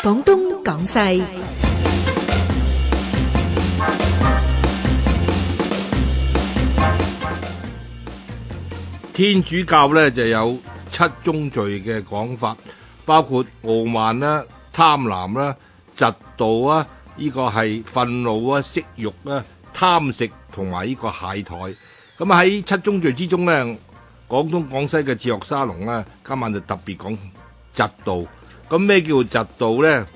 廣東廣西，天主教咧就有七宗罪嘅講法，包括傲慢啦、貪婪啦、嫉妒啊，呢個係憤怒啊、色欲啦、貪食同埋呢個懈怠。咁喺七宗罪之中咧，廣東廣西嘅哲學沙龍咧，今晚就特別講嫉妒。咁咩叫嫉妒咧？